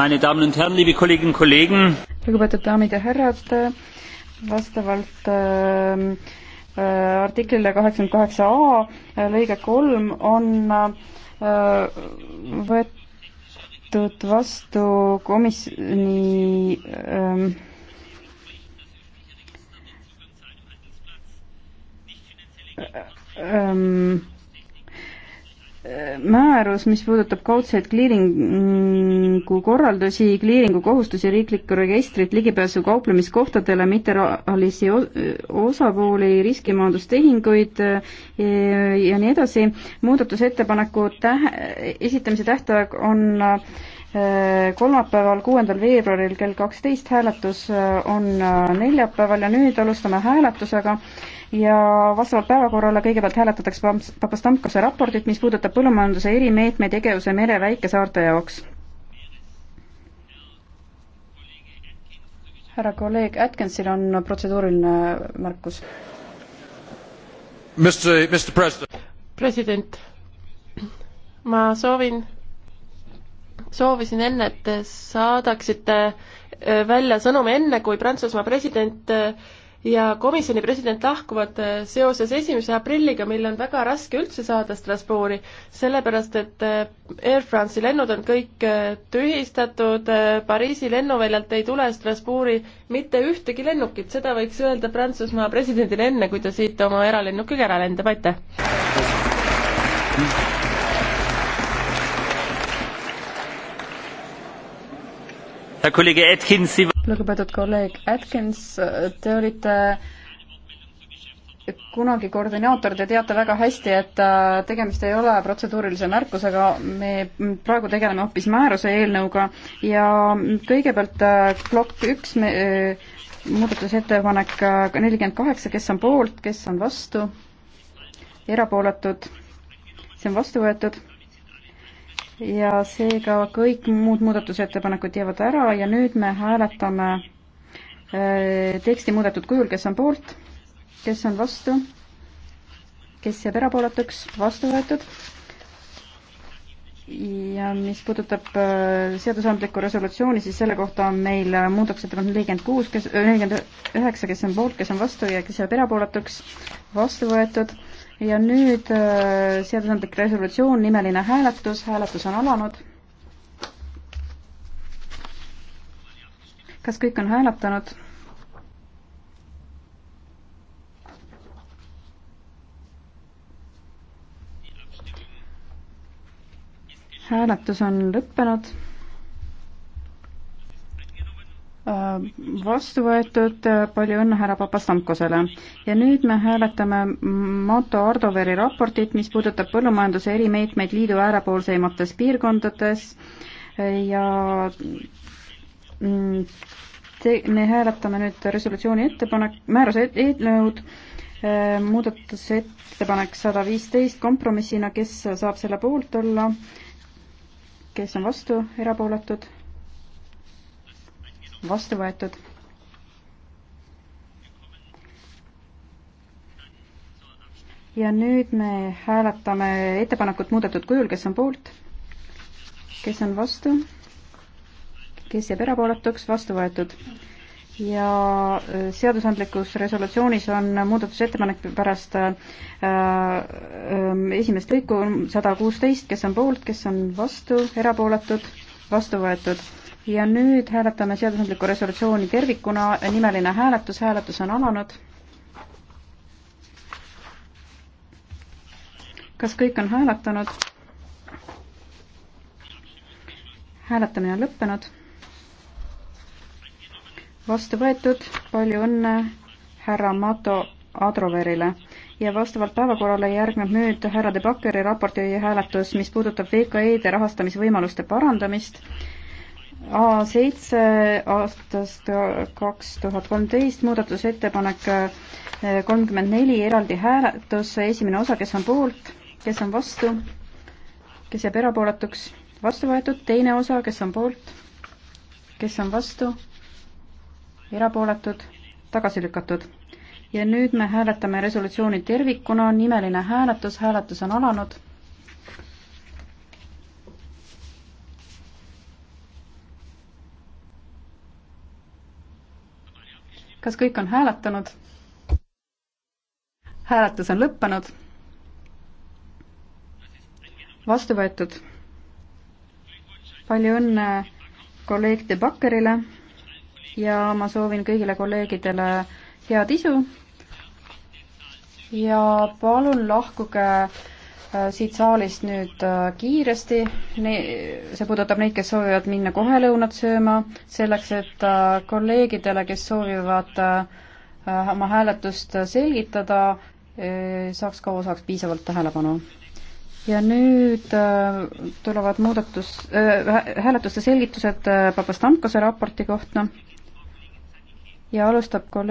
lugupeetud daamid ja härrad, vastavalt ähm, äh, artiklile kaheksakümmend kaheksa A äh, lõige kolm on äh, võetud vastu komisjoni määrus, mis puudutab kaudseid kliiringu korraldusi, kliiringu kohustusi, riiklikku registrit, ligipääsu kauplemiskohtadele, mitterahalisi osapooli, riskimajandustehinguid e, ja nii edasi. muudatusettepaneku tähe, esitamise tähtaeg on kolmapäeval, kuuendal veebruaril kell kaksteist, hääletus äh, on äh, neljapäeval ja nüüd alustame hääletusega ja vastavalt päevakorrale kõigepealt hääletatakse Papastamkose raportit, mis puudutab põllumajanduse erimeetme tegevuse mere väikesaarte jaoks. härra kolleeg Atkinsil on protseduuriline märkus. president, ma soovin soovisin enne, et te saadaksite äh, välja sõnumi enne, kui Prantsusmaa president äh, ja komisjoni president lahkuvad äh, seoses esimese aprilliga, mil on väga raske üldse saada Strasbourgi, sellepärast et Air France'i lennud on kõik tühistatud, Pariisi lennuväljalt ei tule Strasbourgi mitte ühtegi lennukit, seda võiks öelda Prantsusmaa presidendile enne, kui ta siit oma eralennukiga ära lendab, aitäh! lugupeetud kolleeg Atkins, te olite kunagi koordinaator, te teate väga hästi, et äh, tegemist ei ole protseduurilise märkusega, me praegu tegeleme hoopis määruse eelnõuga ja kõigepealt äh, plokk üks me, äh, muudatusettepanek nelikümmend kaheksa, kes on poolt, kes on vastu, erapooletud, see on vastu võetud ja seega kõik muud muudatusettepanekud jäävad ära ja nüüd me hääletame äh, teksti muudetud kujul, kes on poolt, kes on vastu, kes jääb erapooletuks, vastu võetud. ja mis puudutab äh, seadusandlikku resolutsiooni, siis selle kohta on meil muudatusettepanek nelikümmend kuus, kes, äh, nelikümmend üheksa, kes on poolt, kes on vastu ja kes jääb erapooletuks, vastu võetud ja nüüd äh, seadusandlik resolutsioon, nimeline hääletus, hääletus on alanud. kas kõik on hääletanud? hääletus on lõppenud vastu võetud, palju õnne härra Papastamkosele. ja nüüd me hääletame Mato Ardoveri raportit, mis puudutab põllumajanduse erimeetmeid liidu äärepoolseimates piirkondades ja te, me hääletame nüüd resolutsiooni ettepanek, määruse e-, eelnõud et, et,, muudatusettepanek sada viisteist kompromissina, kes saab selle poolt olla, kes on vastu, erapooletud vastu võetud. ja nüüd me hääletame ettepanekut muudetud kujul, kes on poolt, kes on vastu, kes jääb erapooletuks, vastu võetud ja äh, seadusandlikus resolutsioonis on muudatusettepanek pärast äh, ähm, esimest lõiku sada kuusteist, kes on poolt, kes on vastu, erapooletud, vastu võetud ja nüüd hääletame seadusandlikku resolutsiooni tervikuna, nimeline hääletus, hääletus on alanud. kas kõik on hääletanud? hääletamine on lõppenud. vastu võetud, palju õnne härra Mato Adroverile ja vastavalt päevakorrale järgneb nüüd härra De Bakkeri raporti hääletus, mis puudutab VKE-de rahastamisvõimaluste parandamist A7 aastast kaks tuhat kolmteist muudatusettepanek eh, kolmkümmend neli eraldi hääletus, esimene osa, kes on poolt, kes on vastu, kes jääb erapooletuks, vastu võetud, teine osa, kes on poolt, kes on vastu, erapooletud, tagasi lükatud. ja nüüd me hääletame resolutsiooni tervikuna, nimeline hääletus, hääletus on alanud kas kõik on hääletanud? hääletus on lõppenud. vastu võetud. palju õnne kolleeg De Bakkerile ja ma soovin kõigile kolleegidele head isu ja palun lahkuge Äh, siit saalist nüüd äh, kiiresti, see puudutab neid, kes soovivad minna kohe lõunat sööma, selleks et äh, kolleegidele, kes soovivad oma hääletust selgitada, saaks ka osaks piisavalt tähelepanu. ja nüüd tulevad muudatus, hääletuste selgitused Papastamkose raporti kohta ja alustab kolleeg